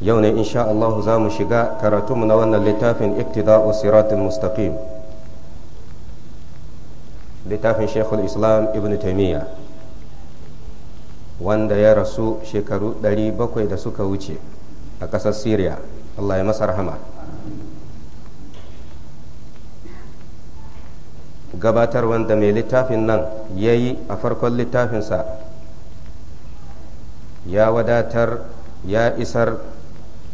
yau ne insha Allah za mu shiga karatunmu na wannan littafin iktida'u siratul mustaqim littafin shekul islam ibn taimiyya wanda ya rasu shekaru 700 da suka wuce a ƙasar syria Allah ya masa rahama gabatar wanda mai littafin nan ya yi a farkon littafinsa ya wadatar ya isar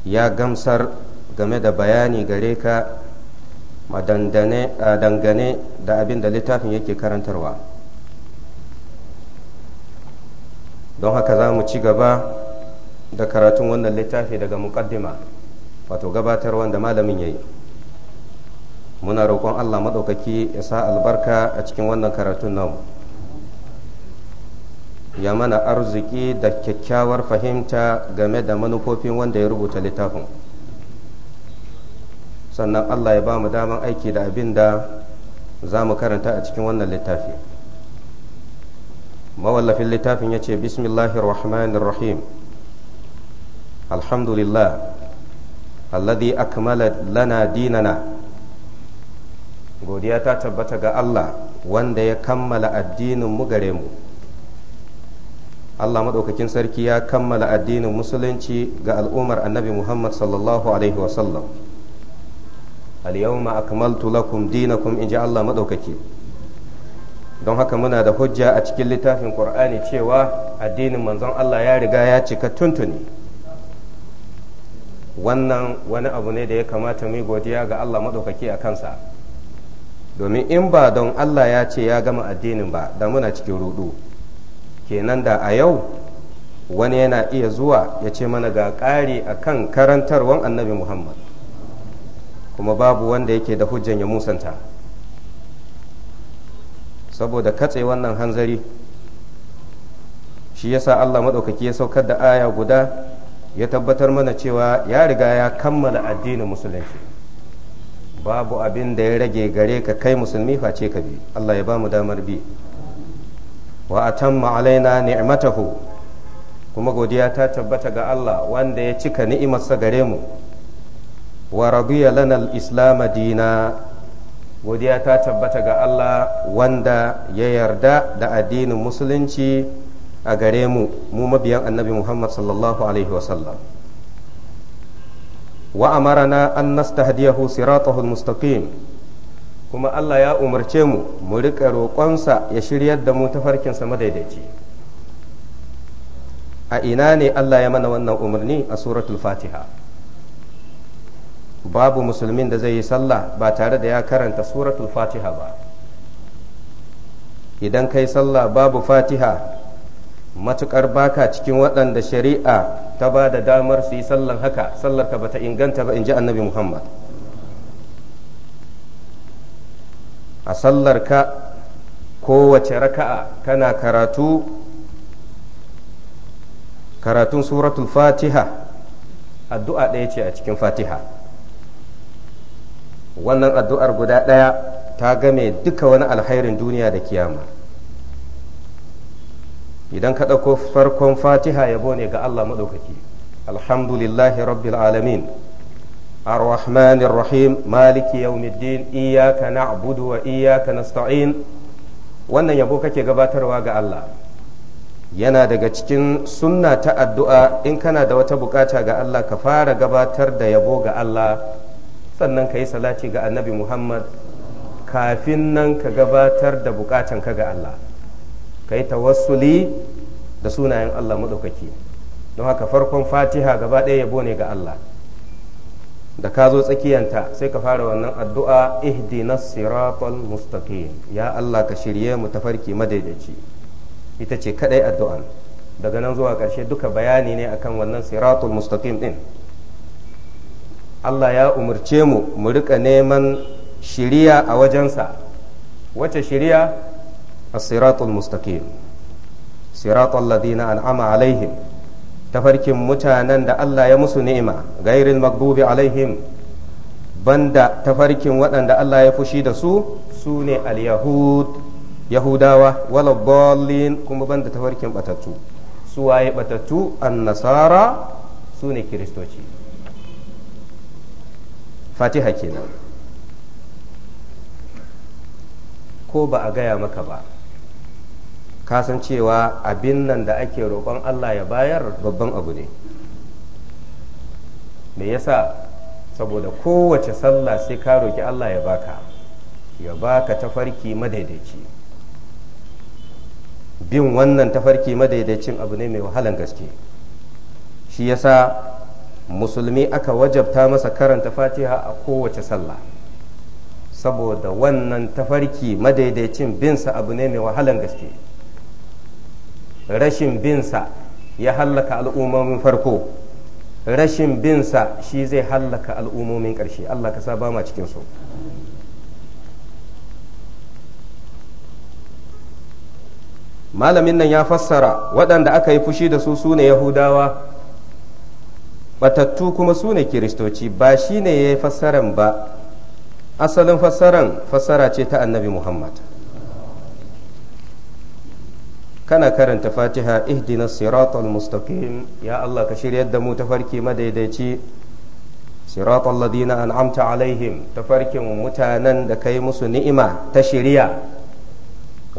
ya gamsar game da bayani gare ka dangane da abin da littafin yake karantarwa don haka za mu ci gaba da karatun wannan littafi daga mukaddima wato gabatar wanda malamin ya yi muna roƙon allah maɗaukaki ya sa albarka a cikin wannan karatun namu ya mana arziki da kyakkyawar fahimta game da manufofin wanda ya rubuta littafin sannan allah ya ba mu daman aiki da abin da za mu karanta a cikin wannan littafi mawallafin littafin ya ce rahim alhamdulillah alladhi akmala lana dinana godiya ta tabbata ga allah wanda ya kammala addinin mu gare mu Allah maɗaukakin sarki ya kammala addinin musulunci ga al'ummar annabi Muhammad sallallahu alaihi wasallam al-yawma akmaltu lakum dinakum inji Allah maɗaukaki don haka muna da hujja a cikin littafin Kur'ani cewa addinin manzon Allah ya riga ya cika tuntuni wannan wani abu ne da ya kamata mu godiya ga Allah maɗaukaki a kansa domin in ba don Allah ya ce ya gama addinin ba da muna cikin rudu kenan da a yau wani yana iya zuwa ya ce mana ga ƙari a kan karantarwan annabi muhammad kuma babu wanda yake da hujjan ya musanta saboda katse wannan hanzari shi yasa allah maɗaukaki ya saukar da aya guda ya tabbatar mana cewa ya riga ya kammala addinin musulunci babu abin da ya rage gare ka kai musulmi face ka bi allah ya ba mu damar bi wa atamma alaina ni'matahu kuma godiya ta tabbata ga Allah wanda ya cika ni'imarsa gare mu wa radiya lana al-islam dina godiya ta tabbata ga Allah wanda ya yarda da addinin musulunci a gare mu mu mabiyan annabi Muhammad sallallahu alaihi wasallam wa amarana an nastahdiyahu siratahu al-mustaqim kuma Allah ya umarce mu mu riƙa roƙonsa ya shiryar da mu tafarkinsa madaidaici a ina ne Allah ya mana wannan umarni a suratul fatiha babu musulmin da zai yi sallah ba tare da ya karanta suratul fatiha ba idan kai sallah babu fatiha matukar baka cikin waɗanda shari'a ta ba da damar su yi sallan haka sallarka bata inganta ba in ji annabi muhammad a sallarka kowace raka'a kana karatu karatun suratul fatiha addu'a ɗaya ce a cikin fatiha wannan addu'ar guda ɗaya ta game duka wani alhairin duniya da kiyama idan ka ɗauko farkon fatiha yabo ne ga allah maɗaukaki alhamdulillahi rabbil alamin الرحمن الرحيم مالك يوم الدين إياك نعبد وإياك نستعين wannan yabo kake gabatarwa ga Allah yana daga cikin sunna ta addu'a in kana da wata bukata ga Allah ka fara gabatar da yabo ga Allah sannan ka yi salati ga annabi Muhammad kafin nan ka gabatar da ka ga Allah ka yi tawassuli da sunayen Allah maɗaukaki don haka farkon fatiha gaba ɗaya yabo ne ga Allah da ka zo tsakiyanta sai ka fara wannan addu'a ihdina siratul mustaqim ya Allah ka shirye mu tafarki madaidaici ita ce kadai addu'an daga nan zuwa ƙarshe duka bayani ne akan wannan siratul mustaqim ɗin. Allah ya umarce mu mu rika neman shirya a wajensa wace shiriya a siratul mustaqim siratul ladina an'ama alaihim tafarkin mutanen da Allah ya musu ni'ima gairil magbubi alaihim banda tafarkin waɗanda Allah ya fushi da su su ne al yahudawa wala ballin kuma banda tafarkin batattu su waye batattu an su ne kiristoci fatiha kenan ko ba a gaya maka ba ka san cewa abin nan da ake roƙon Allah ya bayar babban abu ne me yasa saboda kowace sallah sai ka roƙi Allah ya baka ya baka tafarki madaidaici bin wannan tafarki madaidaicin abu ne mai wahalan gaske shi yasa musulmi aka wajabta masa karanta fatiha a kowace sallah saboda wannan tafarki madaidaicin binsa abu ne mai wahalan gaske rashin binsa ya hallaka al'ummomin farko rashin binsa shi zai hallaka al'ummomin ƙarshe Allah ka sa ba ma cikinsu malamin nan ya fassara waɗanda aka yi fushi da su su ne yahudawa batattu kuma su ne kiristoci ba shi ne ya yi fassaran ba asalin fassaran fassara ce ta annabi muhammad kana karanta fatiha ihdina siratul mustaqim ya Allah ka shiryar da mu tafarki madaidaici siratal ladina an'amta alaihim tafarkin mutanen da kai musu ni'ima ta shiriya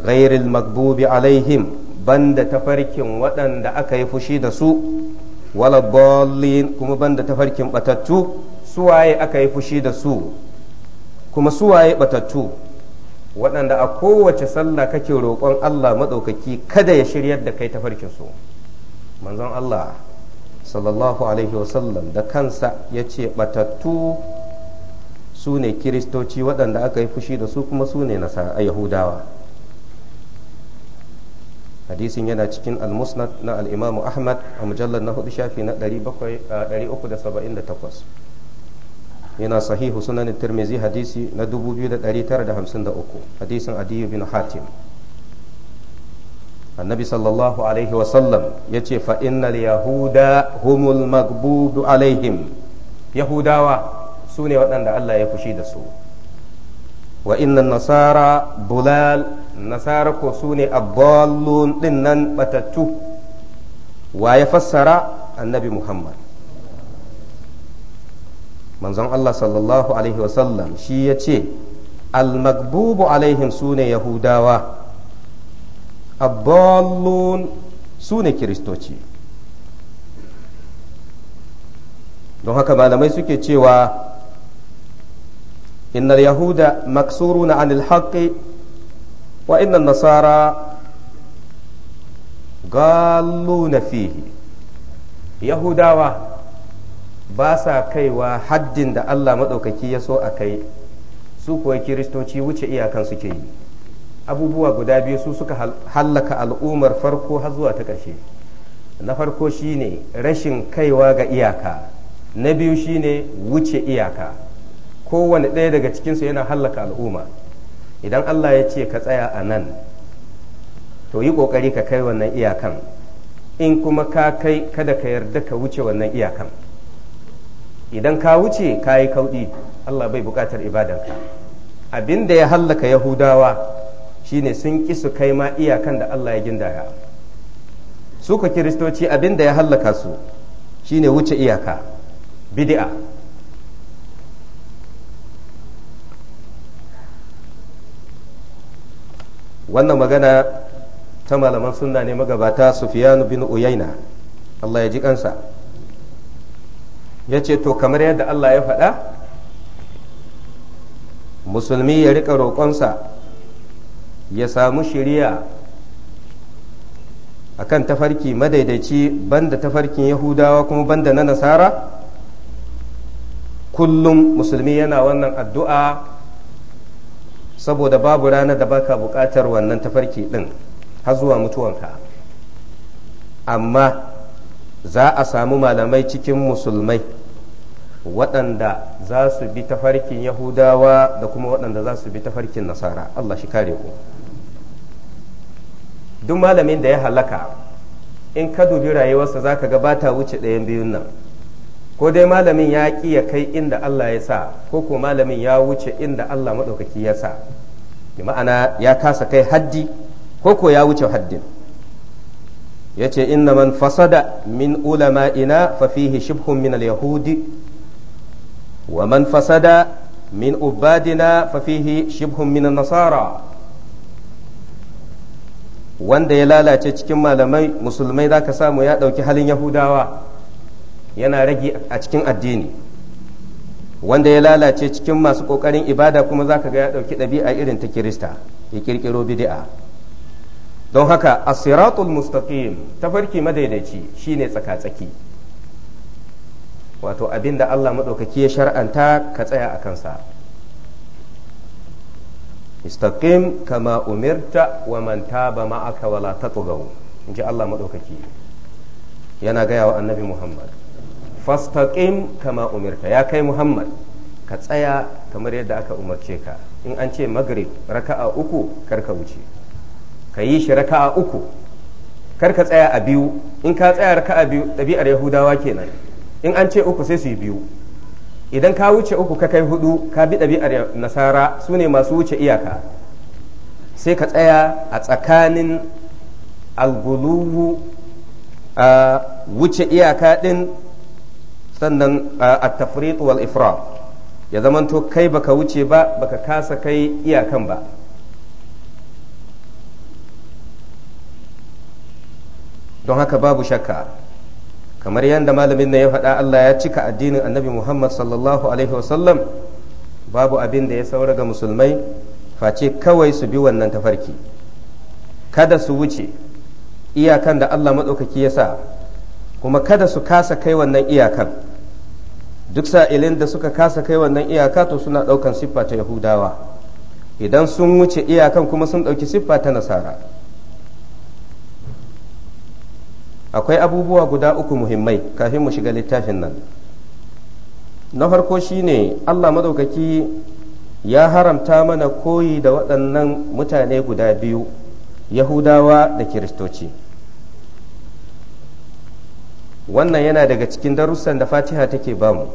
ghairil magbubi alaihim banda tafarkin waɗanda aka yi fushi da su wala dallin kuma banda tafarkin batattu suwaye aka yi fushi da su kuma suwaye batattu waɗanda a kowace sallah kake roƙon Allah maɗaukaki kada ya shiryar da kai tafarkin su manzon Allah sallallahu alaihi wasallam da kansa ya ce batattu su ne kiristoci waɗanda aka yi fushi da su kuma su ne a yahudawa hadisin yana cikin al-musnad na al'imamu ahmad a mujallar na hudu shafi na 378 yana sahihu sunan tirmizi hadisi na 2953 hadisin adiyu bin hatim annabi sallallahu alaihi wasallam ya ce fa'innal yahuda humul magbubu alaihim yahudawa su ne waɗanda allah ya fushi da su wa innan nasara bulal nasara ko su ne abballon ɗin nan batattu wa ya fassara annabi muhammad manzon Allah sallallahu alaihi wasallam shi ya ce almagbubu alaihim su ne yahudawa abballon su ne kiristoci don haka malamai suke cewa innal yahuda maksuruna anil haqqi wa innan nasara galluna fihi yahudawa ba sa kaiwa haddin da Allah maɗaukaki ya so a kai su kuwa kiristoci wuce iyakan suke yi abubuwa guda biyu su suka hallaka al'ummar farko har zuwa ta ƙarshe na farko shine rashin kaiwa ga iyaka na biyu shine wuce iyaka kowane ɗaya daga cikinsu yana hallaka al'umma idan Allah ya ce ka tsaya a nan to yi ƙoƙari ka kai wannan iyakan in kuma ka kai kada ka yarda ka wuce wannan iyakan idan ka wuce ka yi kauɗi Allah bai buƙatar ibadanka abin da ya hallaka yahudawa shine sun ƙi su kai ma iyakan da Allah ya gindaya su ka kiristoci abin da ya hallaka su shine wuce iyaka bid'a wannan magana ta malaman sunna ne magabata sufiyanu bin uyaina Allah ya ji kansa ya ce to kamar yadda Allah ya faɗa musulmi ya riƙa roƙonsa ya samu shiriya kan tafarki madaidaici banda tafarkin yahudawa kuma banda na nasara kullum musulmi yana wannan addu'a saboda babu rana da baka buƙatar wannan tafarki ɗin har zuwa mutuwanka amma za a samu malamai cikin musulmai waɗanda za su bi tafarkin yahudawa da kuma waɗanda za su bi tafarkin nasara Allah shi kare ku duk malamin da ya halaka in ka dubi rayuwarsa za ka gabata wuce ɗayan biyun nan ko dai malamin ya ƙi ya kai inda Allah ya sa ko ko malamin ya wuce inda Allah maɗaukaki ya sa ma'ana ya kasa kai haddi ko ko ya wuce haddin yace inna man fasada min ulama'ina fa fihi shibhun min al-yahudi wa man fasada min ubadina fa fihi shibhun min nasara wanda ya lalace cikin malamai musulmai zaka samu ya ɗauki halin yahudawa yana rage a cikin addini wanda ya lalace cikin masu ƙoƙarin ibada kuma zaka ga ya ɗauki ɗabi'a irin ta kirista ya ƙirƙiro bid'a don haka asiratul mustaqim tafarki madaidaici shine tsaka-tsaki wato abinda da Allah maɗaukaki ya shar'anta ka tsaya a kansa istaqim kama umirta wa man taba ma'aka wala in inji Allah maɗaukaki yana gaya wa annabi Muhammad fastaqim kama umirta ya kai Muhammad ka tsaya kamar yadda aka umarce ka in an ce magrib raka'a uku karka wuce ka yi shi raka'a uku kar ka tsaya a biyu in ka tsaya raka'a biyu ɗabi'ar yahudawa kenan in an ce uku sai su yi biyu idan ka wuce uku ka kai hudu ka bi ɗabi'ar nasara su ne masu wuce iyaka sai ka tsaya a tsakanin algulubu a wuce iyaka ɗin sannan a tafriq wal ifra ya zamanto kai baka wuce ba baka kasa kai iyakan ba don haka babu shakka kamar yadda malamin na ya faɗa Allah ya cika addinin annabi Muhammad sallallahu alaihi wasallam babu abin da ya saura ga musulmai face kawai su bi wannan tafarki kada su wuce iyakan da Allah maɗaukaki ya sa kuma kada su kasa kai wannan iyakan duk sa'ilin da suka kasa kai wannan iyaka to suna ɗaukan siffa ta yahudawa idan sun wuce iyakan kuma sun ɗauki siffa ta nasara akwai abubuwa guda uku muhimmai kafin mu shiga littafin nan na farko shine Allah madaukaki ya haramta mana koyi da waɗannan mutane guda biyu yahudawa da kiristoci wannan yana daga cikin darussan da fatiha take bamu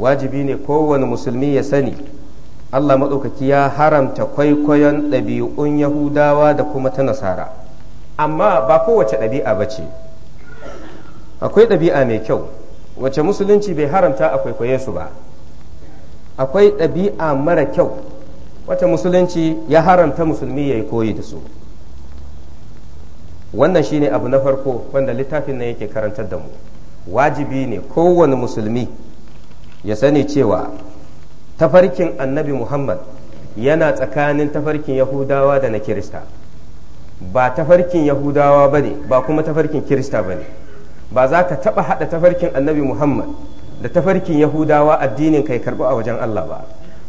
wajibi ne kowane musulmi ya sani Allah maɗaukaki ya haramta kwaikwayon ɗabi'un yahudawa da kuma ta nasara amma ba kowace ɗabi'a ba ce akwai ɗabi'a mai kyau wacce musulunci bai haramta a kwaikwaye su ba akwai ɗabi'a mara kyau wacce musulunci ya haramta musulmi ya yi koyi da su wannan shine abu na farko wanda littafin nan yake karantar da mu wajibi ne kowane musulmi ya sani cewa tafarkin annabi muhammad yana tsakanin tafarkin yahudawa da na kirista ba tafarkin yahudawa ba ne ba kuma tafarkin kirista ba ne ba za ka taɓa haɗa tafarkin annabi muhammad da tafarkin yahudawa addinin kai karɓi a wajen allah ba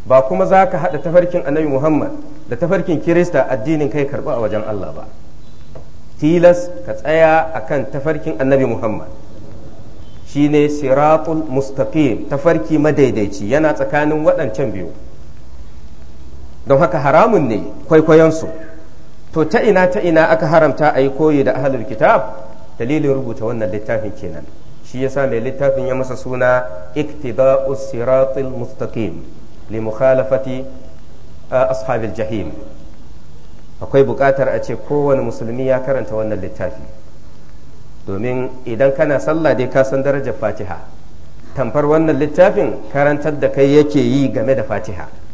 ba kuma za ka haɗa tafarkin annabi muhammad da tafarkin kirista addinin kai karɓi a wajen allah ba tilas ka tsaya a kan tafarkin annabi muhammad Shi ne siratul mustaqim tafarki madaidaici yana tsakanin waɗancan biyu don haka haramun ne kwaikwayonsu to ta ina ta ina aka haramta a yi koyi da ahalul kitab dalilin rubuta wannan littafin kenan shi yasa mai littafin ya masa suna iktida'u usiratul mustaqim li mukhalafati ashabil jahim akwai buƙatar a ce kowane musulmi ya karanta wannan littafi domin idan kana sallah dai ka san darajar fatiha tamfar wannan littafin karantar da kai yake yi game da fatiha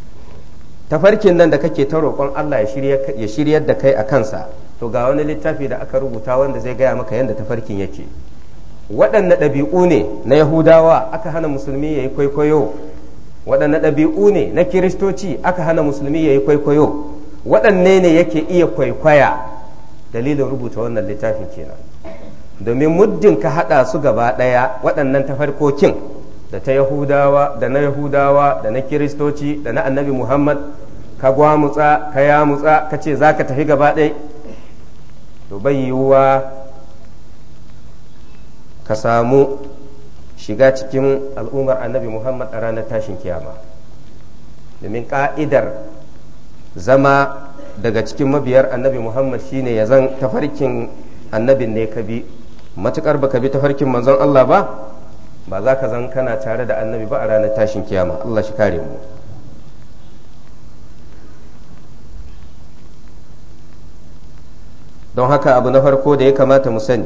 tafarkin nan da kake ta roƙon Allah ya shiryar da kai a kansa to ga wani littafi da aka rubuta wanda zai gaya maka yadda tafarkin yake waɗanne ɗabi'u ne na yahudawa aka hana musulmi ya yi kwaikwayo waɗanne ɗabi'u ne na kiristoci aka hana musulmi ya yi kwaikwayo waɗanne ne yake iya kwaikwaya dalilin rubuta wannan littafin kenan domin muddin ka haɗa su gaba ɗaya waɗannan tafarkokin da ta yahudawa da na yahudawa da na kiristoci da na annabi muhammad ka gwamutsa ka yamutsa ka ce za ka tafi gaba ɗai to bai yiwuwa ka samu shiga cikin al'ummar annabi muhammad a ranar tashin kiyama domin ka'idar zama daga cikin mabiyar annabi muhammad shine ya zan tafarkin annabin ne ka bi matukar baka bi tafarkin manzon allah ba ba za ka zan kana tare da annabi ba a ranar tashin kiyama Allah shi kare mu don haka abu na farko da ya kamata mu sani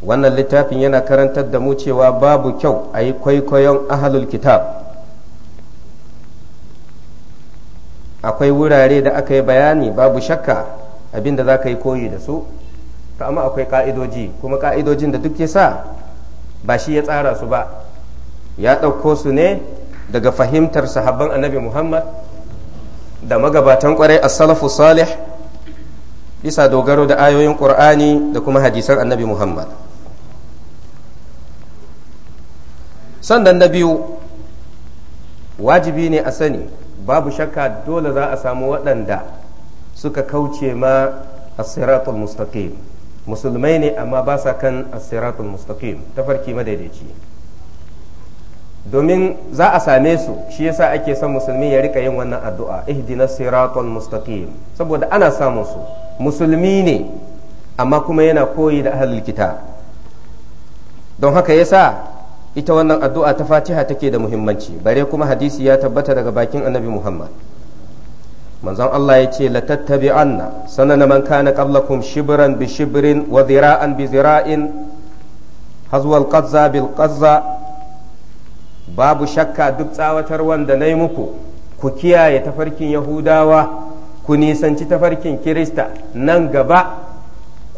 wannan littafin yana karantar da mu cewa babu kyau a yi kwaikwayon ahalul kitab akwai wurare da aka yi bayani babu shakka abinda za ka yi koyi da su amma akwai ka'idoji kuma ka'idojin da duk ya sa ba shi ya tsara su ba ya ɗauko su ne daga fahimtar sahabban annabi muhammad da magabatan kwarai a salafu salih bisa dogaro da ayoyin ƙur'ani da kuma hadisan annabi muhammad sannan na biyu wajibi ne a sani babu shakka dole za a samu waɗanda suka kauce ma a siratul mustaqim musulmai ne amma ba sa kan asiratul ta farki madaidaici domin za a same su shi yasa ake son musulmi ya rika yin wannan addu'a ihdina siratul mustaqim saboda ana samun su musulmi ne amma kuma yana koyi da ahlul kitab don haka yasa ita wannan addu'a ta fatiha take da muhimmanci bare kuma hadisi ya tabbata daga bakin annabi muhammad manzon Allah ya ce latattabi anna sanana man kana qablakum shibran bi shibrin wa zira'an bi zira'in hazwal qazza bil qazza babu shakka duk tsawatar wanda nayi muku ku kiyaye tafarkin yahudawa ku nisanci tafarkin kirista nan gaba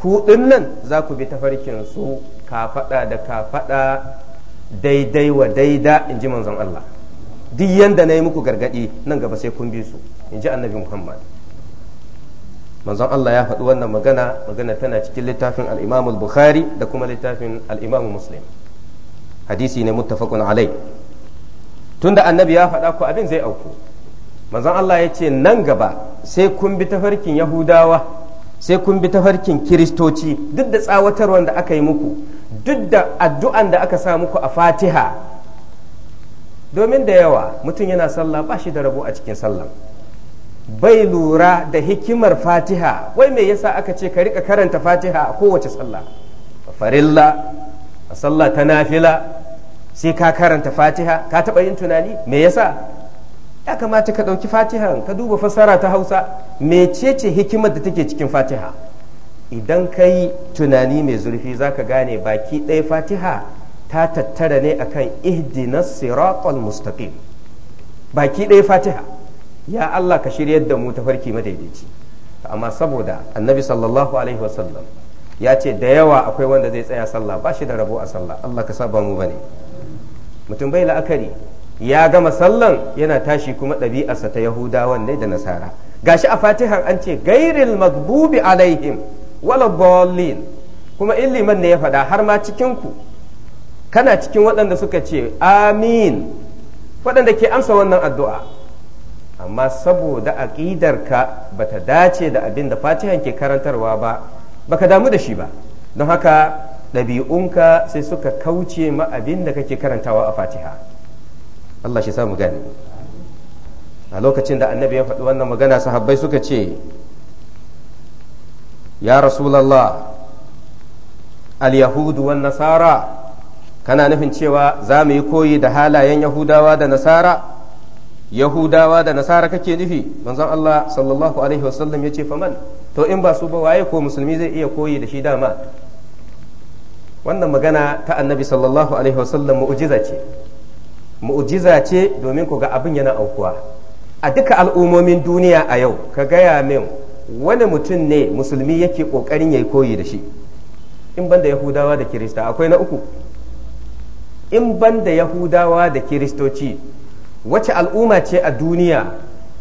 ku nan za ku bi tafarkin su kafada da kafada daidai wa daida inji manzan Allah duk yanda na yi muku gargadi nan gaba sai kun bi su in ji annabi muhammad manzon Allah ya faɗi wannan magana magana tana cikin littafin al'imamul bukhari da kuma littafin al'imamul muslim hadisi ne muttafaqun alai da annabi ya faɗa ku abin zai auku manzon Allah ya ce nan gaba sai kun bi tafarkin yahudawa sai kun bi tafarkin kiristoci duk da tsawatarwar da aka yi muku duk da addu'an da aka sa muku a fatiha domin da yawa mutum yana sallah ba shi da rabo a cikin sallah bai lura da hikimar fatiha wai me yasa aka ce ka rika karanta fatiha a kowace sallah farilla a sallah ta nafila sai ka karanta fatiha ka taba yin tunani me yasa ya kamata ka ɗauki Fatihan ka duba fassara ta hausa mecece hikimar da take cikin fatiha idan ka yi tunani mai zurfi za ka gane baki ɗaya fatiha ta tattara ne akan ihdinas siratal mustaqim baki ɗaya fatiha ya Allah ka shiryar da mu tafarki madaidaici amma saboda annabi sallallahu alaihi wasallam ya ce da yawa akwai wanda zai tsaya sallah ba shi da rabo a sallah Allah ka saba mu bane mutum bai la'akari ya gama sallan yana tashi kuma ɗabi'arsa ta yahudawan ne da nasara gashi a fatihar an ce gairil magbubi alaihim wala bolin kuma in liman ne ya faɗa har ma cikinku kana cikin waɗanda suka ce amin waɗanda ke amsa wannan addu'a amma saboda aƙidarka ba ta dace da abin da fatihan ke karantarwa ba ba ka damu da shi ba don haka ɗabi'unka sai suka kauce ma abin da kake karantawa a fatiha Allah shi samu gani a lokacin da annabi ya faɗi wannan magana sahabbai suka ce ya rasulallah al-yahudu wan nasara kana nufin cewa za mu yi koyi da halayen yahudawa da nasara yahudawa da nasara kake nufi manzon Allah sallallahu alaihi wasallam ya ce faman to in ba su ba waye ko musulmi zai iya koyi da shi dama wannan magana ta annabi sallallahu alaihi wasallam mu'jiza ce mu'jiza ce domin ku ga abin yana aukuwa a duka al'umomin duniya a yau ka gaya min wani mutum ne musulmi yake kokarin yayi koyi da shi in banda yahudawa da kirista akwai na uku in banda yahudawa da kiristoci wace al'umma ce a duniya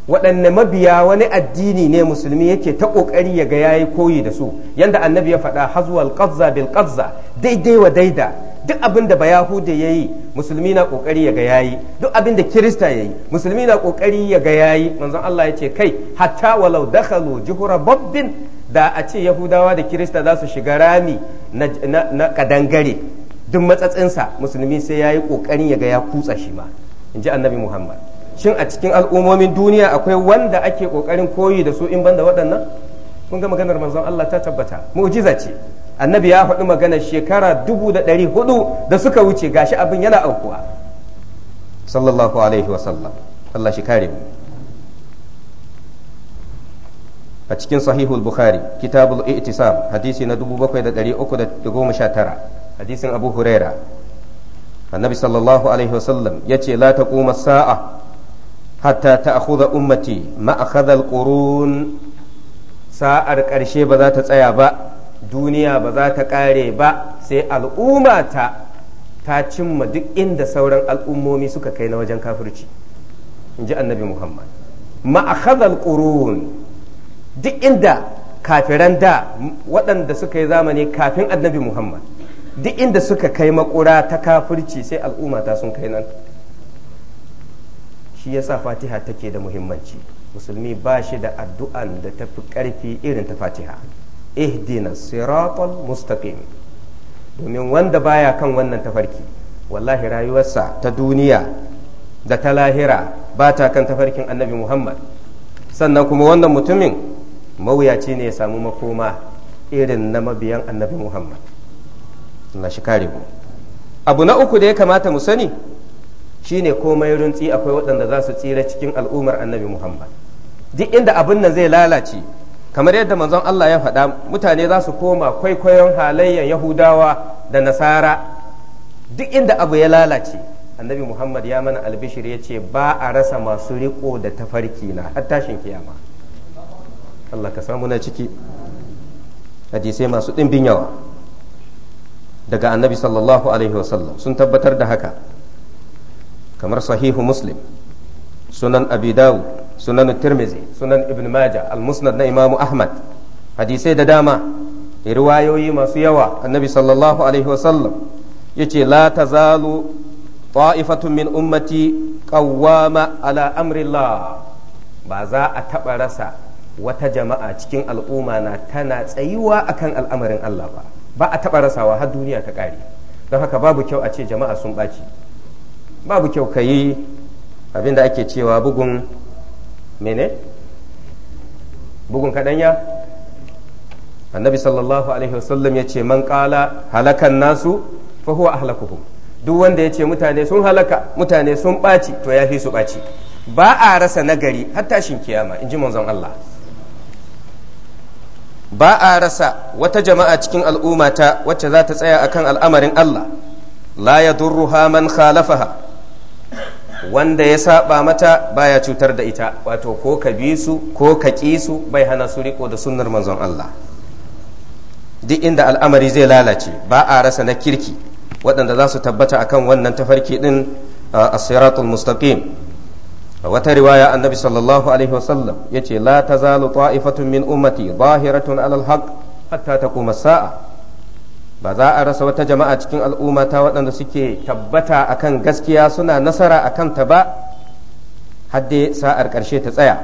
waɗanne mabiya wani addini ne musulmi yake ta ƙoƙari ya ga yayi koyi da su yanda annabi ya faɗa hazwal qazza bil qazza daidai wa daida duk abin da bayahude yi musulmi na ƙoƙari ya ga yayi duk abin da kirista yi musulmi na ƙoƙari ya ga yayi manzon Allah ya ce kai hatta walau dakhalu juhura babbin da a ce yahudawa da kirista za su shiga rami na, ƙadangare na kadangare duk matsatsinsa musulmi sai yayi ƙoƙarin ya ga ya kutsa shi ma in ji annabi muhammad shin a cikin al'ummomin duniya akwai wanda ake kokarin koyi da su in banda waɗannan kun ga maganar manzon Allah ta tabbata mu'jiza ce annabi ya faɗi maganar shekara dubu da ɗari hudu da suka wuce gashi abin yana aukuwa sallallahu alaihi wa sallam Allah shi kare mu a cikin sahihul bukhari kitabul i'tisam hadisi na dubu bakwai da da uku goma sha tara hadisin abu huraira annabi sallallahu alaihi wasallam ya ce la sa'a hatta ta'khudha ummati ma akhadha sa'ar ƙarshe ba za ta tsaya ba duniya ba za ta ƙare ba sai al'umma ta ta cimma duk inda sauran al'ummomi suka kai na wajen kafirci in ji annabi muhammad ma akhadha duk inda kafiran da waɗanda suka yi zamani kafin annabi muhammad duk inda suka kai makura ta kafirci sai al'umma ta sun kai nan shi yasa fatiha take da muhimmanci musulmi ba shi da addu'an da ta fi ƙarfi irin ta fatiha ihdina siratul mustaqim domin wanda baya kan wannan tafarki wallahi rayuwarsa ta duniya da ta lahira ba ta kan tafarkin annabi muhammad sannan kuma wannan mutumin mawuyaci ne ya samu makoma irin na mabiyan annabi muhammad Allah shi kare mu abu na uku da ya kamata mu sani shine komai runtsi akwai waɗanda za su tsira cikin al'ummar annabi muhammad duk inda abin nan zai lalace kamar yadda manzon Allah ya faɗa mutane za su koma kwaikwayon halayyar yahudawa da nasara duk inda abu ya lalace annabi muhammad ya mana albishir ya ce ba a rasa masu riko da tafarki na har tashin kiyama Allah ka samu na ciki hadisai masu ɗimbin yawa daga annabi sallallahu alaihi wasallam sun tabbatar da haka kamar sahihu muslim sunan abi dawud sunan tirmizi sunan ibn majah al-musnad na imamu ahmad hadisai da dama riwayoyi masu yawa annabi sallallahu alaihi wasallam yace la tazalu ta'ifatun min ummati qawwama ala ba za a taɓa rasa wata jama'a cikin al'umma na tana tsayuwa akan al'amarin Allah ba ba a taɓa rasawa har duniya ta ƙare don haka babu kyau a ce jama'a sun ɓaci babu kyau ka yi abin da ake cewa bugun mene bugun kaɗanya annabi sallallahu alaihi wasallam ya ce man ƙala halakan nasu fa huwa ahlakuhum duk wanda ya ce mutane sun halaka mutane sun ɓaci to ya fi su ɓaci ba a rasa nagari hatta shin kiyama in ji manzon Allah ba a rasa wata jama'a cikin al'ummata wacce za ta tsaya akan al'amarin Allah la ya durruha man khalafaha wanda ya saba mata baya cutar da ita wato ko ka bi su ko ka ƙi su bai hana su riko da sunnar manzon Allah duk inda al'amari zai lalace ba a rasa na kirki waɗanda za su tabbata akan wannan tafarki din a siratul mustaqim a wata riwaya annabi sallallahu alaihi wasallam ya ce la ta zalu ta'ifatun min ummati zahiratun alal haq hatta ta kuma sa'a ba za a rasa wata jama'a cikin al'ummata waɗanda suke tabbata akan gaskiya suna nasara akan ta ba hadde sa'ar ƙarshe ta tsaya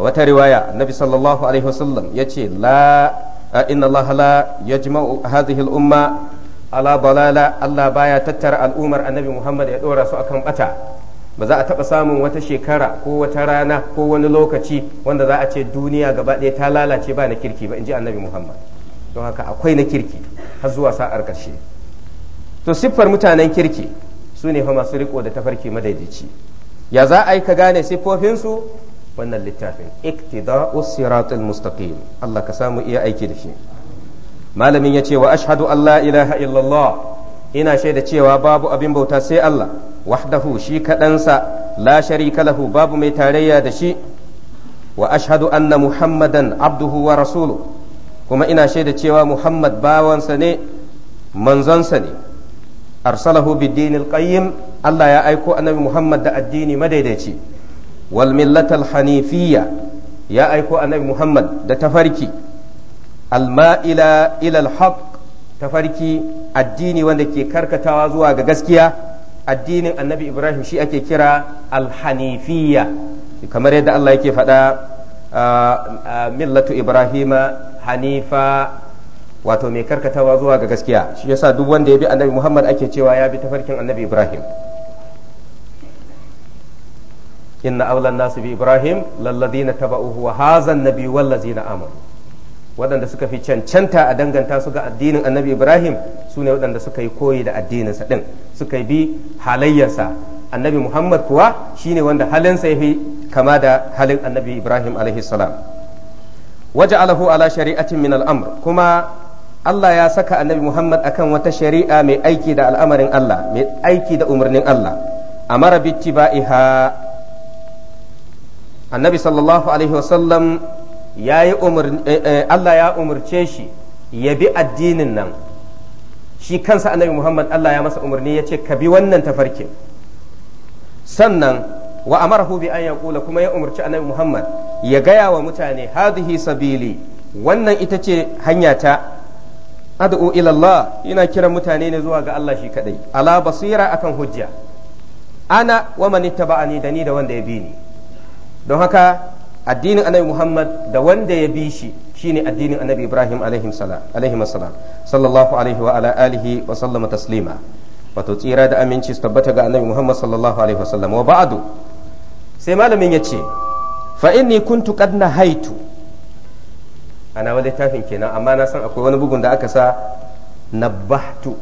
wata riwaya annabi sallallahu alaihi wasallam ya ce la inna Allah la yajma'u hadhihi al-umma ala balala Allah baya tattara al'ummar annabi Muhammad ya dora su akan bata ba za a taɓa samun wata shekara ko wata rana ko wani lokaci wanda za a ce duniya gaba ɗaya ta lalace ba na kirki ba in ji annabi muhammad don haka akwai na kirki har zuwa sa'ar ƙarshe to siffar mutanen kirki su ne fa masu riko da tafarki madaidaici ya za a yi ka gane siffofinsu wannan littafin iktida'u siratul mustaqim Allah ka samu iya aiki da shi malamin ya ce wa ashhadu an la ilaha illallah ina shaida cewa babu abin bauta sai Allah wahdahu shi kaɗansa la sharika lahu babu mai tarayya da shi wa ashhadu anna muhammadan abduhu wa rasulu kuma ina shaida cewa muhammad bawansa ne manzonsa ne arsalahu biddinil qayyim Allah ya aiko annabi muhammad da addini madaidaici wal millatal hanifiyya ya aiko annabi muhammad da tafarki al ma'ila ila al tafarki addini wanda ke karkatawa zuwa ga gaskiya addinin annabi ibrahim shi ake kira alhanifiya kamar yadda allah yake faɗa millatu ibrahima hanifa wato mai karkatawa zuwa ga gaskiya shi yasa duk wanda ya bi annabi muhammad ake cewa ya bi tafarkin annabi ibrahim inna aulan nasu bi ibrahim lalladina taba'uhu wa hazan nabi wallazina amanu waɗanda suka fi cancanta a danganta su ga addinin annabi ibrahim su ne waɗanda suka yi koyi da addininsa ɗin suka yi bi halayyarsa annabi muhammad kuwa shine wanda halinsa ya fi kama da halin annabi ibrahim alaihi salam waje alahu ala shari'atin min al'amr kuma allah ya saka annabi muhammad akan wata shari'a mai aiki da al'amarin allah mai aiki da umarnin allah amara bittiba'iha annabi sallallahu alaihi wasallam yayi eh, eh, Allah ya umarce shi ya bi addinin nan shi kansa annabi Muhammad Allah ya masa umarni ya ce ka bi wannan tafarkin sannan wa amarahu bi an kula kuma ya umarci annabi Muhammad ya gaya wa mutane hadhihi sabili wannan ita ce hanya ta ad'u ila Allah ina kiran mutane ne zuwa ga Allah shi kadai ala basira akan hujja ana wa man ittaba'ani da ni da wanda ya bi ni don haka addinin annabi muhammad da wanda ya bi shi shine addinin annabi ibrahim alaihi salam sallallahu alaihi wa ala alihi wa sallama taslima wato tsira da aminci su tabbata ga annabi muhammad sallallahu alaihi wa sallam wa ba'du sai malamin ya ce fa inni kuntu qad nahaitu ana wa littafin kenan amma na san akwai wani bugun da aka sa nabbahtu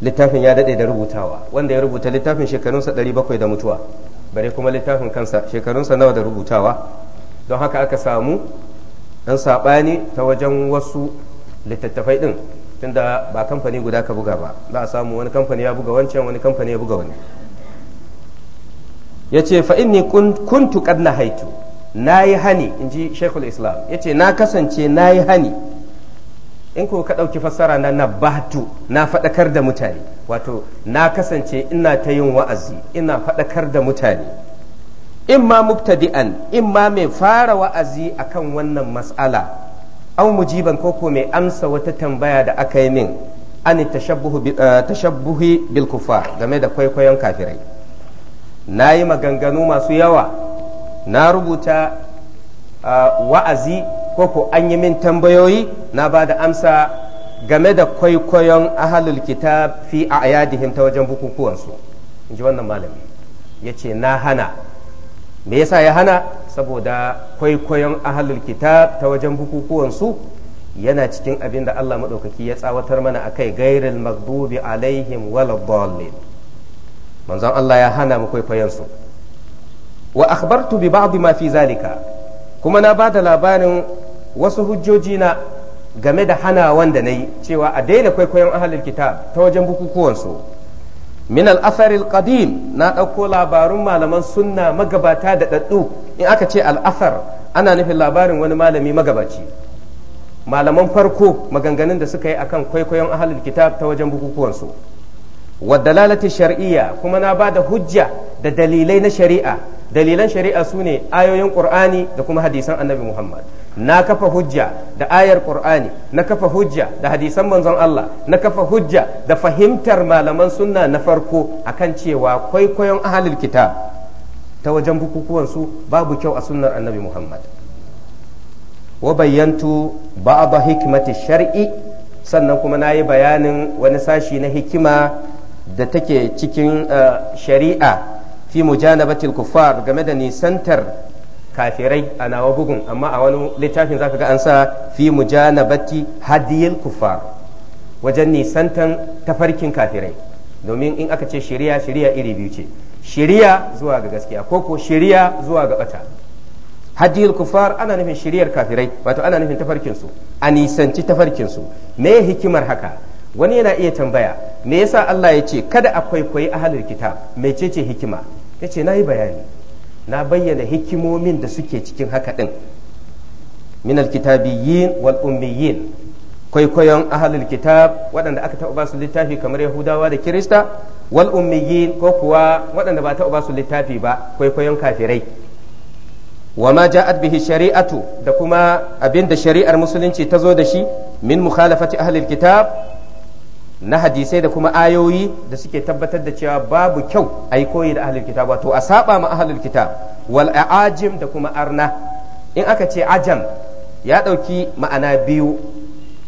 littafin ya dade da rubutawa wanda ya rubuta littafin shekarunsa 700 da mutuwa bare kuma littafin kansa sa nawa da rubutawa don haka aka samu dan saɓani ta wajen wasu littattafai ɗin tunda ba kamfani guda ka buga ba za a samu wani kamfani ya buga wancan wani kamfani ya buga wani ya ce fa'inni kuntu kad na haitu na yi hani in ji islam yace na kasance na yi hani in ko ka ɗauki fassara na na batu na faɗakar da mutane wato na kasance ina ta yin wa'azi ina faɗakar da mutane in ma mubtadi'an in ma mai fara wa'azi akan wannan mas'ala an mujiban koko mai amsa wata tambaya da aka yi min an eh, tashabbuhi bil kufar game da kwaikwayon kafirai na yi maganganu masu yawa na rubuta eh, wa'azi ko ko an yi min tambayoyi na ba da amsa game da kwaikwayon ahalul kitab fi a ayadihim ta wajen bukukuwansu in ji wannan malami ya ce na hana me yasa ya hana saboda kwaikwayon ahalul kitab ta wajen bukukuwansu yana cikin abin da Allah maɗaukaki ya tsawatar mana a kai gairil magdubi alaihim waladdallin manzon Allah ya hana mu kwaikwayonsu wa akhbartu bi ba'd ma fi zalika kuma na bada labarin wasu hujjoji na game da hana wanda na yi cewa a daina kwaikwayon ahalil kitab ta wajen bukukuwansu min al-asaril qadim na ɗauko labarun malaman sunna magabata da ɗaɗɗu in aka ce al'asar ana nufin labarin wani malami magabaci malaman farko maganganun da suka yi akan kwaikwayon ahalil kitab ta wajen bukukuwansu waddalalati shar'iyya kuma na ba da hujja da dalilai na shari'a dalilan shari'a su ne ayoyin qur'ani da kuma hadisan annabi muhammad na kafa hujja da ayar qur'ani na kafa hujja da hadisan manzon Allah na kafa hujja da fahimtar malaman sunna na farko akan cewa kwaikwayon ahalil kitab ta wajen bukukuwan su babu kyau a sunnar annabi Muhammad wa bayyantu ba'd hikmati shar'i sannan kuma nayi bayanin wani sashi na hikima da take cikin eh, shari'a fi mujanabatil kuffar game da nisantar kafirai a nawa bugun amma a wani littafin zaka ga an sa fi mujanabati hadiyil kuffar wajen nisantan tafarkin kafirai domin in aka ce shiriya shiriya iri biyu ce shiriya zuwa ga gaskiya ko ko shiriya zuwa ga bata hadiyul kufar ana nufin shiriyar kafirai wato ana nufin tafarkin su a nisanci tafarkin su me hikimar haka wani yana iya tambaya me yasa Allah ya ce kada a kwaikwayi ahlul kitab mecece hikima na yi bayani na bayyana hikimomin da suke cikin haka ɗin min alkitabiyyin wal ummiyin kwaikwayon ahalul kitab waɗanda aka taɓa basu littafi kamar yahudawa da kirista wal ummiyin ko kuwa waɗanda ba taɓa basu littafi ba kwaikwayon kafirai wa ma ja'at bihi shari'atu da kuma abin da shari'ar musulunci ta zo da shi min mukhalafati ahlil kitab na hadisai da kuma ayoyi da suke tabbatar da cewa babu kyau a yi koyi da ahalil kitab wato a saba ma ahalil kitab wal ajim da kuma arna in aka ce ajam ya ɗauki ma'ana biyu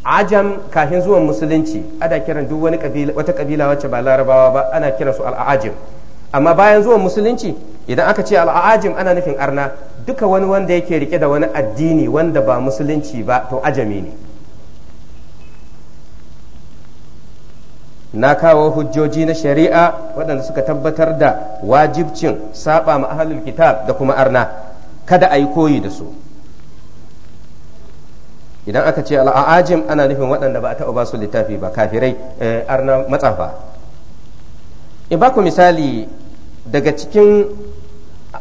ajam kafin zuwan musulunci ana kiran duk wani kabila wata kabila wacce ba larabawa ba ana kiran su al'ajim amma bayan zuwan musulunci idan aka ce al'ajim ana nufin arna duka wani wanda yake rike da wani addini wanda ba musulunci ba to ajami ne na kawo hujjoji na shari'a waɗanda suka tabbatar da wajibcin saba ma ahalul kitab da kuma arna kada a yi koyi da su idan aka ce al'ajim ana nufin waɗanda ba a taɓa ba littafi ba kafirai eh, arna matsafa in ba ku misali daga cikin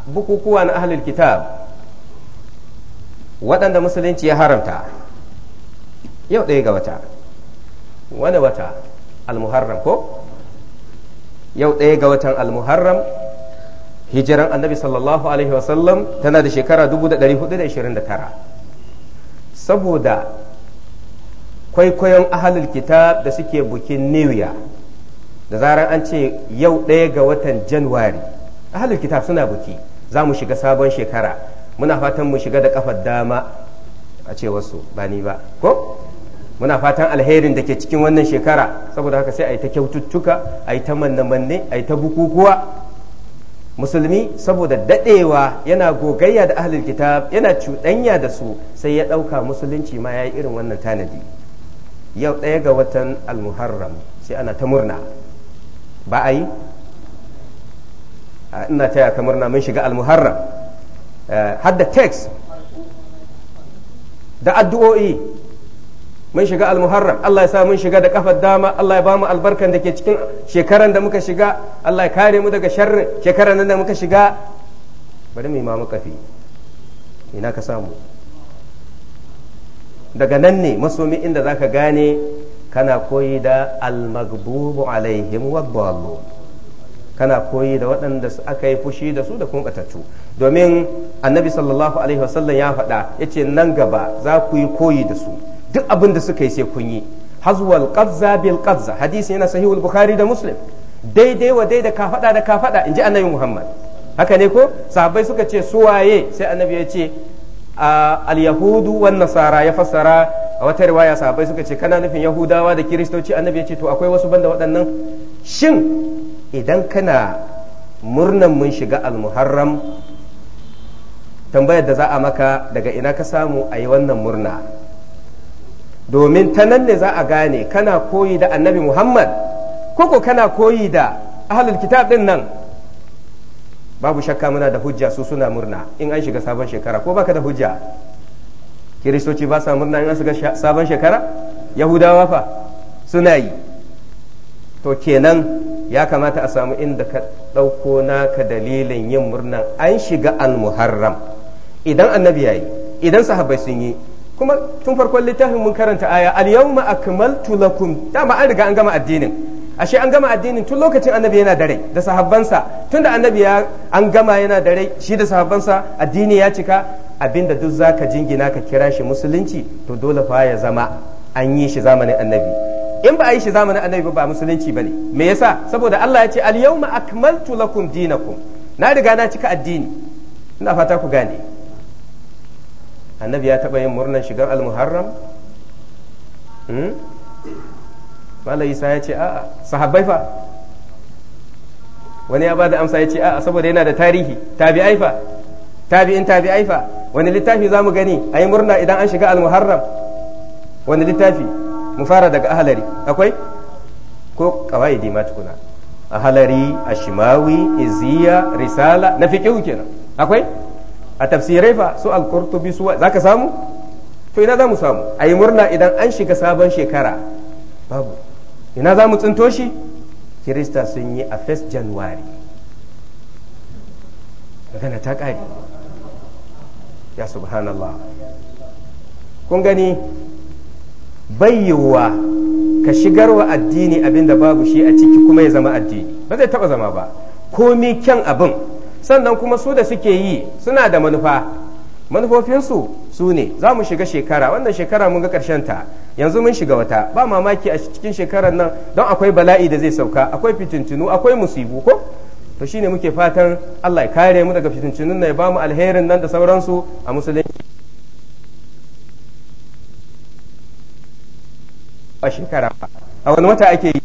bukukuwa na ahalul kitab waɗanda musulunci ya haramta yau ɗaya ga wata wani wata almuharram ko yau ɗaya ga watan almuharram hijiran annabi sallallahu alaihi wasallam tana da shekara 429 saboda kwaikwayon ahalul kitab da suke bukin new year da zarar an ce yau ɗaya ga watan januwari ahalul kitab suna buki za mu shiga sabon shekara muna fatan mu shiga da kafar dama a ce wasu ba ni ba ko muna fatan alherin da ke cikin wannan shekara saboda haka sai a yi ta kyaututtuka a yi ta manne-manne a yi ta bukukuwa musulmi saboda dadewa yana gogayya da ahlul kitab yana cuɗanya da su sai ya ɗauka musulunci ma ya yi irin wannan tanadi yau ɗaya ga watan almuharram sai ana ta murna ba a yi ina taya ka murna mun shiga almuharram eh, hadda text da addu'o'i mun shiga al Allah ya sa mun shiga da kafar dama Allah ya bamu albarkan da ke cikin shekaran da muka shiga Allah ya kare mu daga sharrin shekaran nan da muka shiga bari mu imamu kafi ina ka samu daga nan ne masomi inda zaka gane kana koyi da al-maghdubu alaihim wad-dallun kana koyi da waɗanda aka yi fushi da su da kuma ɓatattu domin annabi sallallahu alaihi wasallam ya faɗa yace nan gaba za ku yi koyi da su duk abin da suka yi sai kun yi hazwal qazza bil qazza hadisi yana sahihul bukhari da muslim daidai wa daidai ka fada da ka fada inji annabi muhammad haka ne ko sahabbai suka ce su waye sai annabi ya ce al yahudu wan nasara ya fassara a wata riwaya sahabbai suka ce kana nufin yahudawa da kiristoci annabi ya ce to akwai wasu banda waɗannan shin idan kana murnan mun shiga almuharram tambayar da za a maka daga ina ka samu a yi wannan murna domin ta nan ne za a gane kana koyi da annabi muhammad koko kana koyi da ahlul kitab din nan babu shakka muna da hujja su suna murna in an shiga sabon shekara ko baka da hujja kiristoci ba sa murna in an shiga sabon shekara yahudawa fa suna yi to kenan ya kamata a samu inda ka ɗauko naka dalilin yin murna an shiga al muharram idan annabi yayi idan sahabbai sun yi kuma tun farkon littafin mun karanta aya al yawma akmaltu lakum dama an riga an gama addinin ashe an gama addinin tun lokacin annabi yana da rai da sahabbansa tun da annabi ya an gama yana da rai shi da sahabbansa addini ya cika abinda duk zaka jingina ka kira shi musulunci to dole fa ya zama an yi shi zamanin annabi in ba a yi shi zamanin annabi ba musulunci bane me yasa saboda Allah ya ce al yawma akmaltu lakum dinakum na riga na cika addini ina fata ku gane annabi ya taɓa yin murnar shigar almuharram hmm? malai isa ya ce a'a sahabbai fa wani ya bada amsa ya ce a'a saboda yana da tarihi tabi'ai fa tabi'in tabi'ai fa wani littafi za mu gani a yi murna idan an shiga al-muharram wani littafi mu fara daga ahalari akwai ko kawai dima tukuna ahalari ashimawi iziya risala na fi kenan akwai a tafsirai fa su al-qurtubi su zaka samu to ina za mu samu ayi murna idan an shiga sabon shekara babu ina za mu tsinto shi kirista sun yi a 1 january magana ta ƙari ya subhanallah kun gani bayyowa ka shigar wa addini abinda babu shi a ciki kuma ya zama addini ba zai taba zama ba komi kyan abin sannan kuma su da suke yi suna da manufa manufofinsu su ne za mu shiga shekara wannan shekara mun ga karshen ta yanzu mun shiga wata ba mamaki a cikin shekarar nan don akwai bala'i da zai sauka akwai fitintinu akwai musibu ko to shine muke fatan Allah ya kare mu daga fitintunun na ya ba mu alherin nan da sauransu a musulunci a shekara a wani wata ake yi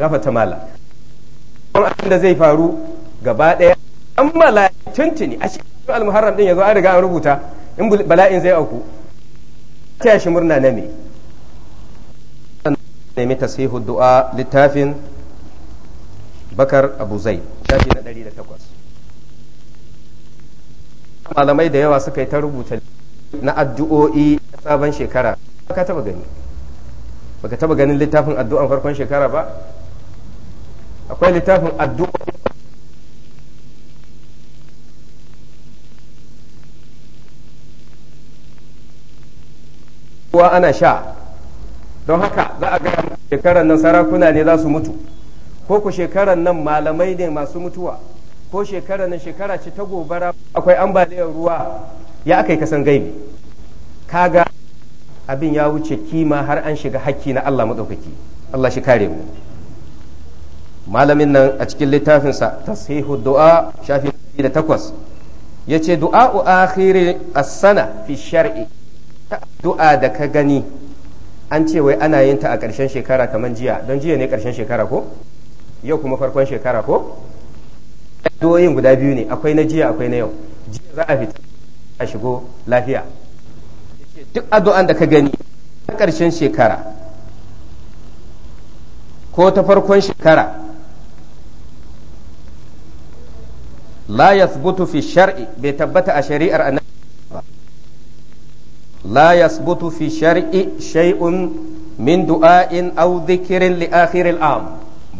gafata mala don abin da zai faru gaba daya an mala tuntuni a cikin al-muharram din yazo an riga an rubuta in bala'in zai auku ta shi murna na me nemi tasihu du'a littafin bakar abu zai shafi na 108 malamai da yawa suka yi ta rubuta na addu'o'i na sabon shekara ka taba gani baka taba ganin littafin addu'an farkon shekara ba akwai littafin addu'a ruwa ana sha don haka za a gaya shekarar nan sarakuna ne za su mutu ko ku shekarar nan malamai ne masu mutuwa ko shekarar nan shekara ce ta gobara akwai ambaliyar ruwa ya aka yi kasan gaibi kaga abin ya wuce kima har an shiga hakki na Allah maɗaukaki Allah shi kare mu malamin nan a cikin littafinsa tasihu du'a shafi da takwas ya ce u akhiri as-sana fi shar'i du'a da ka gani an ce wai ana yin ta a ƙarshen shekara kamar jiya don jiya ne ƙarshen shekara ko yau kuma farkon shekara ko doyin guda biyu ne akwai na jiya akwai na yau jiya za a fita a shigo lafiya duk addu'an da ka gani a ƙarshen shekara ko ta farkon shekara la yathbutu fi shar'i bai tabbata min du'a'in aw dhikrin li akhiril a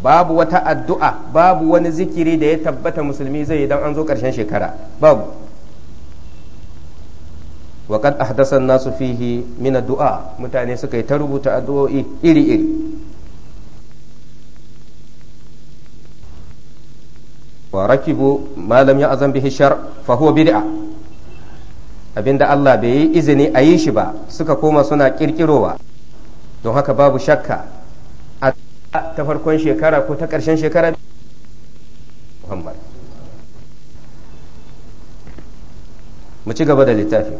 babu wata addu'a babu wani zikiri da ya tabbata musulmi zai yi dan an zo ƙarshen shekara babu wa kad ahdasa nasu fihi min addu'a mutane suka yi ta rubuta addu'o'i iri iri wa rakibu ma lam ya'zam bihi shar fa abinda Allah bai yi izini a yi shi ba suka koma suna kirkirowa don haka babu shakka a ta farkon shekara ko ta ƙarshen shekara Muhammad mu ci gaba da littafi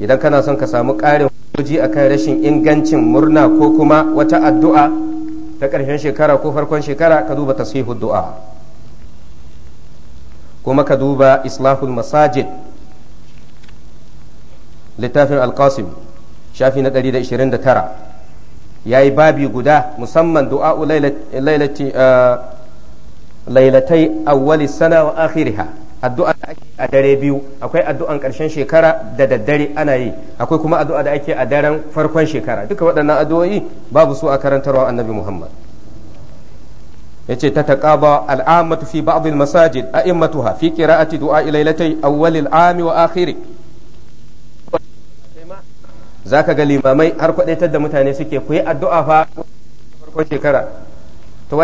idan kana son ka samu ƙarin a akan rashin ingancin murna ko kuma wata addu'a ta ƙarshen shekara ko farkon shekara ka duba tasihud du'a kuma ka duba islahul masajid littafin alkasim shafi na 129 ya yi babi guda musamman du'a'u eh, lailatai awwali sana wa akhiriha addu'a da ake a dare biyu akwai addu'an ƙarshen shekara da daddare ana yi akwai kuma addu'a da ake a daren farkon shekara duka waɗannan addu'o'i babu su a karantarwa annabi muhammad yace ta taqaba al'amatu fi ba'd al-masajid a'immatuha fi qira'ati du'a ilailatai awwal ami wa akhiri ka ga limamai har kwadaitar da mutane suke ku yi addu'a fa farkon shekara to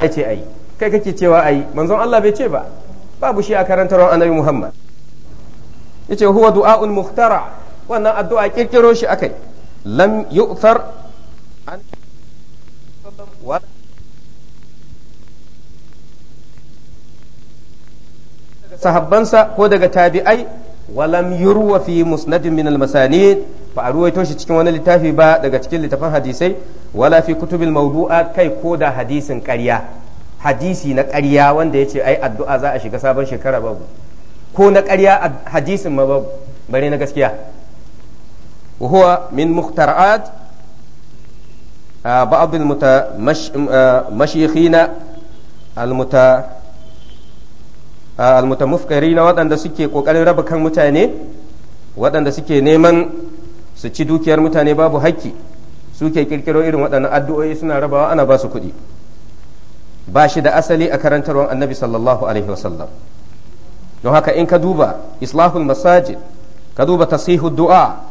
ce ce kai kake cewa ayi manzon Allah bai ce ba babu shi a karantarwar annabi Muhammad yace huwa du'a'un muhtara wannan addu'a kirkiro shi akai lam yu'thar an sahabbansa ko daga tabi'ai walam yurwa fi musnadin min al-masanid ba a ruwaito shi cikin wani littafi ba daga cikin littafin hadisai wala fi kutubil mawdu'a kai ko da hadisin ƙarya hadisi na ƙarya wanda ya ce ai addu'a za a shiga sabon shekara babu ko na ƙarya hadisin ma babu bare na gaskiya huwa min muhtara'at ba'd al-mutamashi al-muta na waɗanda suke ƙoƙarin raba kan mutane waɗanda suke neman su ci dukiyar mutane babu hakki suke ƙirƙiro irin waɗannan addu'o'i suna rabawa ana ba su kuɗi ba shi da asali a karantarwar annabi sallallahu alaihi wasallam don haka in ka duba islahul masajid ka duba tasihu du'a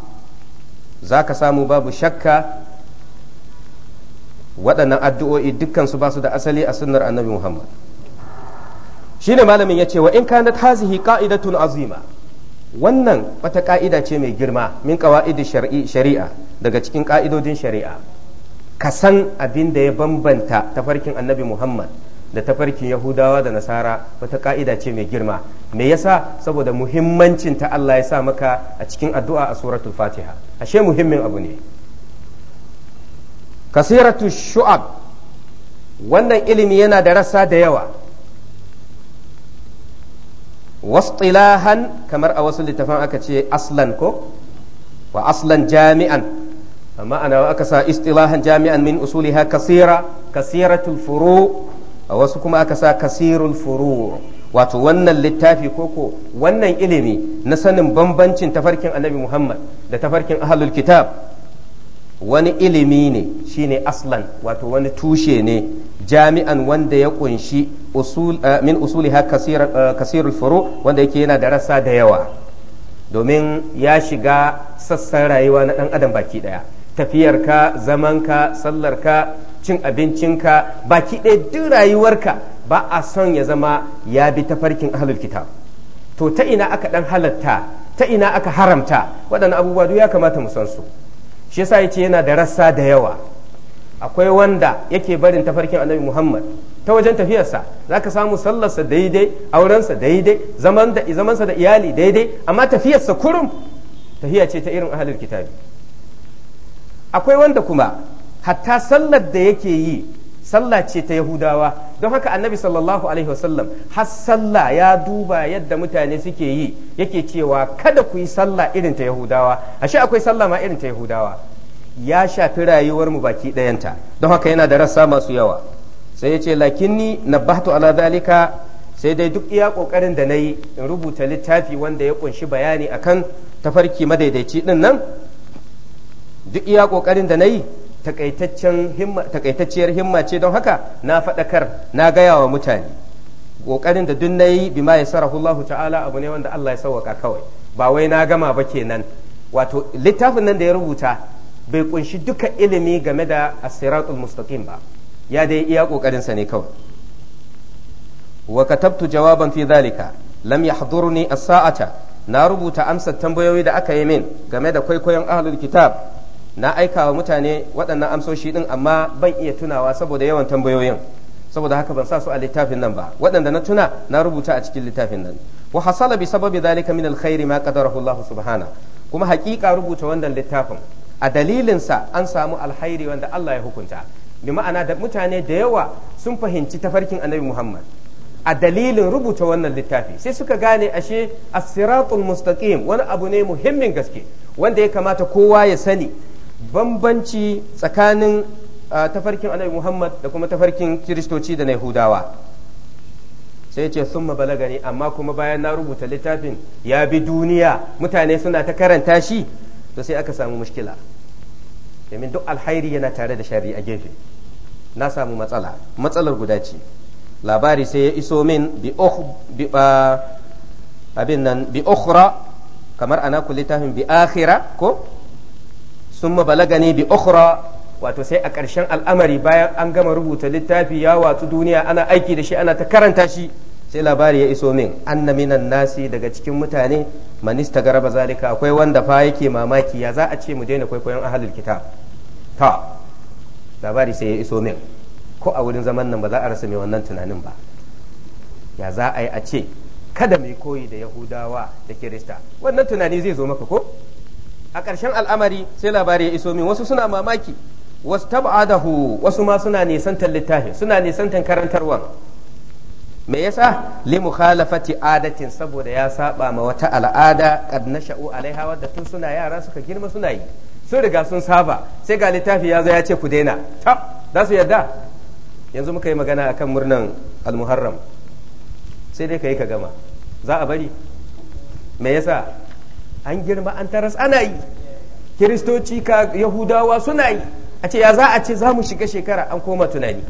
za ka samu babu shakka waɗannan addu'o'i dukkansu ba su da asali a sunnar annabi muhammad shi ne malamin ya ce wa in kanat hazihi ka'idatun azima wannan wata ka'ida ce mai girma min kawa'idi shari'a daga cikin ƙa'idodin shari'a ka san abin da ya bambanta tafarkin annabi muhammad da tafarkin yahudawa da nasara wata ka'ida ce mai girma me yasa saboda muhimmancin ta Allah ya sa maka a cikin addu'a a suratul fatiha ashe muhimmin abu ne kasiratu shu'ab wannan ilimi yana da rasa da yawa wasqilahan kamar a wasu littafan aka ce aslan ko wa aslan jami'an amma ana aka sa istilahan jami'an min usuliha kasira kasiratul furu a wasu kuma aka sa kasirul furu wato wannan littafi koko wannan ilimi na sanin bambancin tafarkin annabi muhammad da tafarkin ahlul kitab wani ilimi ne shine aslan wato wani tushe ne jami'an wanda ya kunshi eh, min usuliha eh, kasirul furu wanda yake yana da rasa da yawa domin ya shiga sassan rayuwa na dan adam baki daya tafiyarka zamanka sallarka cin abincinka baki ɗaya duk rayuwarka ba a son ya zama ya bi tafarkin ahlul kitab to ta ina aka ɗan halatta ta ina aka haramta waɗannan abubuwa duk ya kamata mu san su shi yasa yace yana da rassa da yawa akwai wanda yake barin tafarkin annabi Muhammad ta wajen tafiyarsa za ka samu sallarsa daidai aurensa daidai zamansa da iyali daidai amma tafiyarsa kurum tafiya ce ta irin ahalin kitabi akwai wanda kuma hatta sallar da yake yi sallah ce ta yahudawa don haka annabi sallallahu alaihi wasallam har sallah ya duba yadda mutane suke yi yake cewa kada ku yi sallah irin ta yahudawa ashe akwai sallah ma irin ta yahudawa ya shafi rayuwar mu baki ɗayanta don haka yana da rassa masu yawa sai ya ce lakinni nabbahtu ala zalika sai dai duk iya kokarin da nayi in rubuta littafi wanda ya kunshi bayani akan tafarki madaidaici din nan duk iya kokarin da na yi takaitacciyar himma ce don haka na faɗakar na gaya wa mutane kokarin da duk na yi bima ya sarahu ta'ala abu ne wanda Allah ya sauwaka kawai ba wai na gama ba kenan wato littafin nan da ya rubuta bai kunshi duka ilimi game da asiratul siratul mustaqim ba ya dai iya kokarinsa sa ne kawai wa katabtu jawaban fi zalika lam yahdurni as-sa'ata na rubuta amsar tambayoyi da aka yi min game da kwaikwayon ahlul kitab na aika wa mutane waɗannan amsoshi ɗin amma ban iya tunawa saboda yawan tambayoyin saboda haka ban sa su a littafin nan ba waɗanda na tuna na rubuta a cikin littafin nan wa hasala bi sababi dhalika min alkhairi ma qadarahu Allah subhana kuma haƙiƙa rubuta wannan littafin a dalilin sa an samu alkhairi wanda Allah ya hukunta bi ma'ana da mutane da yawa sun fahimci tafarkin Annabi Muhammad a dalilin rubuta wannan littafi sai suka gane ashe as-siratul mustaqim wani abu ne muhimmin gaske wanda ya kamata kowa ya sani bambanci tsakanin tafarkin annabi Muhammad da kuma tafarkin kiristoci da na Yahudawa sai ce sun balaga ne amma kuma bayan na rubuta littafin ya bi duniya mutane suna ta karanta shi to sai aka samu mushkila domin duk alhairi yana tare da shari a gefe na samu matsala matsalar guda ce labari sai ya iso min bi ukhra kamar ana littafin bi akhira ko sun balagani bi ukhra wato sai a ƙarshen al'amari bayan an gama rubuta littafi ya watsu duniya ana aiki da shi ana ta karanta shi sai labari ya iso min anna minan nasi daga cikin mutane manista garaba zalika akwai wanda fa yake mamaki ya za a ce mu daina kwaikwayon ahalul kitab ta labari sai ya iso min ko a wurin zaman nan ba za a rasa mai wannan tunanin ba ya za a yi a ce kada mai koyi da yahudawa da kirista wannan tunani zai zo maka ko a ƙarshen al'amari sai labari ya iso min wasu suna mamaki wasu tab'adahu wasu ma suna nisantan littafin suna nisantan karantarwan me yasa li mukhalafati adatin saboda ya saba ma wata al'ada kad nasha'u alaiha wadda tun suna yara suka girma suna yi sun riga sun saba sai ga littafi ya zo ya ce ku daina Ta, za su yarda yanzu muka yi magana akan murnan muharram sai dai ka yi ka gama za a bari me yasa an girma an taras ana yi kiristoci ka yahudawa suna yi a ce ya za a ce za mu shiga shekara an koma tunani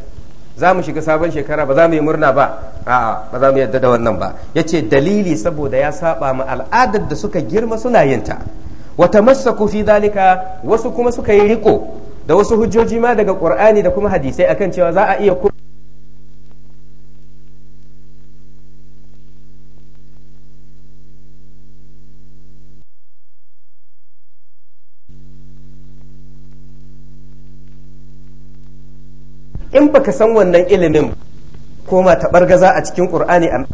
za mu shiga sabon shekara ba za mu yi murna ba a'a ba za mu yadda da wannan ba ya ce dalili saboda ya saba ma al'adar da suka girma suna yin ta wata masa fi dalika wasu kuma suka yi riko da wasu hujjoji ma daga qur'ani da kuma hadisai akan cewa za a iya in baka san wannan ilimin koma taɓar gaza a cikin ƙur'ani